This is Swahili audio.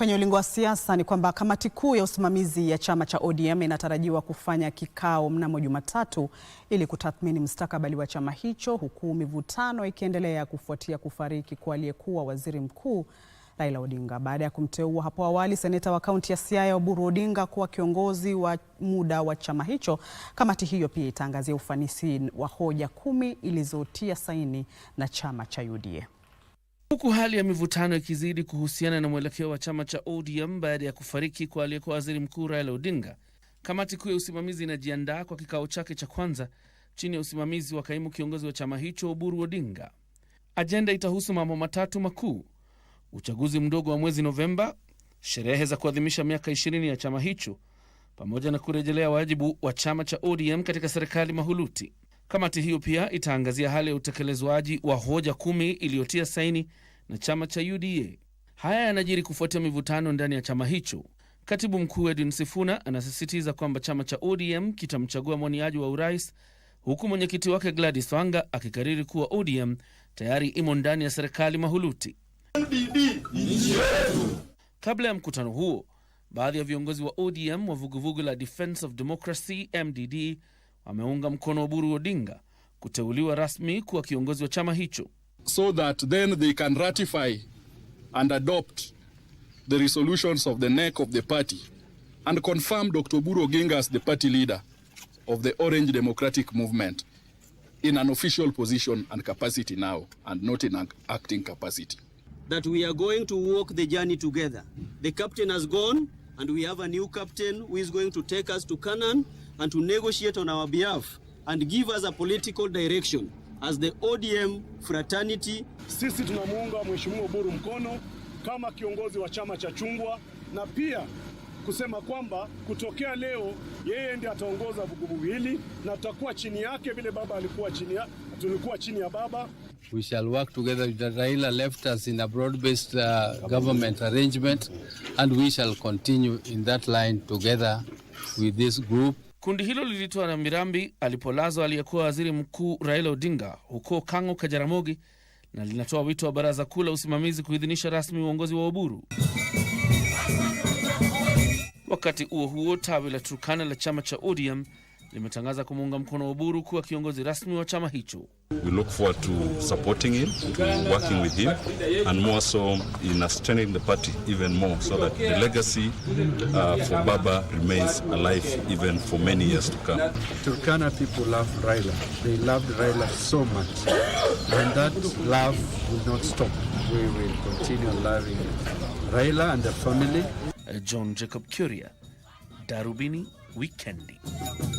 Kwenye ulingo wa siasa ni kwamba kamati kuu ya usimamizi ya chama cha ODM inatarajiwa kufanya kikao mnamo Jumatatu ili kutathmini mustakabali wa chama hicho huku mivutano ikiendelea kufuatia kufariki kwa aliyekuwa waziri mkuu Raila Odinga baada ya kumteua hapo awali seneta wa kaunti ya Siaya Oburu Odinga kuwa kiongozi wa muda wa chama hicho. Kamati hiyo pia itaangazia ufanisi wa hoja kumi ilizotia saini na chama cha UDA. Huku hali ya mivutano ikizidi kuhusiana na mwelekeo wa chama cha ODM baada ya kufariki kwa aliyekuwa waziri mkuu Raila Odinga, kamati kuu ya usimamizi inajiandaa kwa kikao chake cha kwanza chini ya usimamizi wa kaimu kiongozi wa chama hicho Oburu Odinga. Ajenda itahusu mambo matatu makuu: uchaguzi mdogo wa mwezi Novemba, sherehe za kuadhimisha miaka 20 ya chama hicho, pamoja na kurejelea wajibu wa chama cha ODM katika serikali mahuluti. Kamati hiyo pia itaangazia hali ya utekelezwaji wa hoja kumi iliyotia saini na chama cha UDA. Haya yanajiri kufuatia mivutano ndani ya chama hicho. Katibu mkuu Edwin Sifuna anasisitiza kwamba chama cha ODM kitamchagua mwaniaji wa urais, huku mwenyekiti wake Gladys Wanga akikariri kuwa ODM tayari imo ndani ya serikali mahuluti. Kabla ya mkutano huo, baadhi ya viongozi wa ODM wa vuguvugu la Defence of Democracy MDD ameunga mkono Oburu Odinga kuteuliwa rasmi kuwa kiongozi wa chama hicho so that then they can ratify and adopt the resolutions of the neck of the party and confirm Dr. Oburu oginga as the party leader of the Orange Democratic Movement in an official position and capacity now and not in an acting capacity that we are going to walk the journey together the captain has gone and we have a new captain who is going to take us to Canaan and to negotiate on our behalf and give us a political direction as the ODM fraternity. Sisi tunamuunga Mheshimiwa Oburu mkono kama kiongozi wa chama cha chungwa na pia kusema kwamba kutokea leo yeye ndiye ataongoza vuguvugu hili na tutakuwa chini yake vile baba alikuwa chini ya, tulikuwa chini ya baba. We shall work together with Raila left us in a broad-based uh, government arrangement and we shall continue in that line together with this group. Kundi hilo lilitoa rambirambi alipolazwa aliyekuwa waziri mkuu Raila Odinga huko Kang'o, Kajaramogi, na linatoa wito wa baraza kuu la usimamizi kuidhinisha rasmi uongozi wa Oburu. Wakati huo huo, tawi la Turkana la chama cha ODM limetangaza kumuunga mkono Oburu kuwa kiongozi rasmi wa chama hicho. We look forward to supporting him, to working with him, and more so in strengthening the party even more, so that the legacy uh, for Baba remains alive even for many years to come. Turkana people love Raila. They loved Raila so much. And that love will not stop. We will continue loving Raila and the family. Uh, John Jacob Darubini Wikendi.